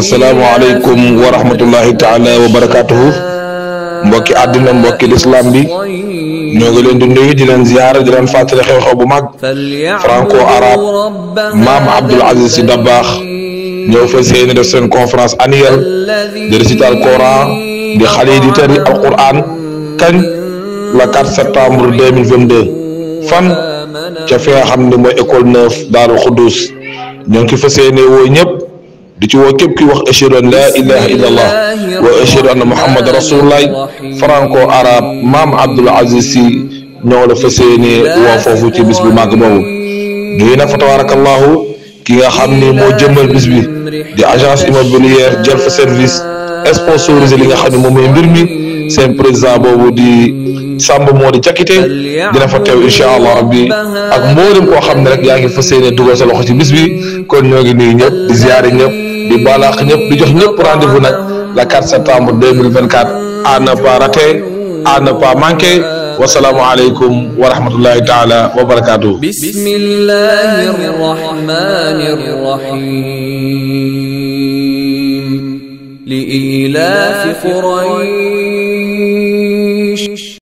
asalaamaaleykum wa rahmatullahi taala wa barakaatuhu mbokki àddina mbokki lislaam bi ñoo ngi leen di nuyu di leen ziyaara di leen fàttali xew bu mag franco arabe maam Abdoul Aziz Sy Dabakh ñëw fa seeni def seen conférence annuelle de récital Coran di xale yi di tari alquran kañ la 4 septembre 2022 fan ca fi nga xam ne mooy école neuf Daaru Xuddus ñoo ngi fa seeni woo di ci woo képp ki wax ashhadu an laa ilaha illallah wa ashhadu anna muhammadan rasulullah franco arabe maam Abdoul Aziz Sy ñoo la fas yéenee woo foofu ci bis bu màgg boobu ñuy nag fa tabarakallahu ki nga xam ni moo jëmmal bis bi di agence immobilière jël fa service sponsorisé li nga xam ne moom mooy mbir mi seen président boobu di Samba moo di Jakite dina fa teew incha allah rabbi ak mboolem koo xam ne rek yaa ngi fas yéene dugal sa loxo ci bis bi kon ñoo ngi nuyu ñëpp di ziare ñëpp. di balaax ñëpp di jox ñëpp rendez-vous nag la 4 septembre 2024 à ne pas rater à ne pas manquer wasalaamu aleykum wa rahmatullahi taala wa barakaatuhu bismillahi rahmani rahim li ilaafi Quraysh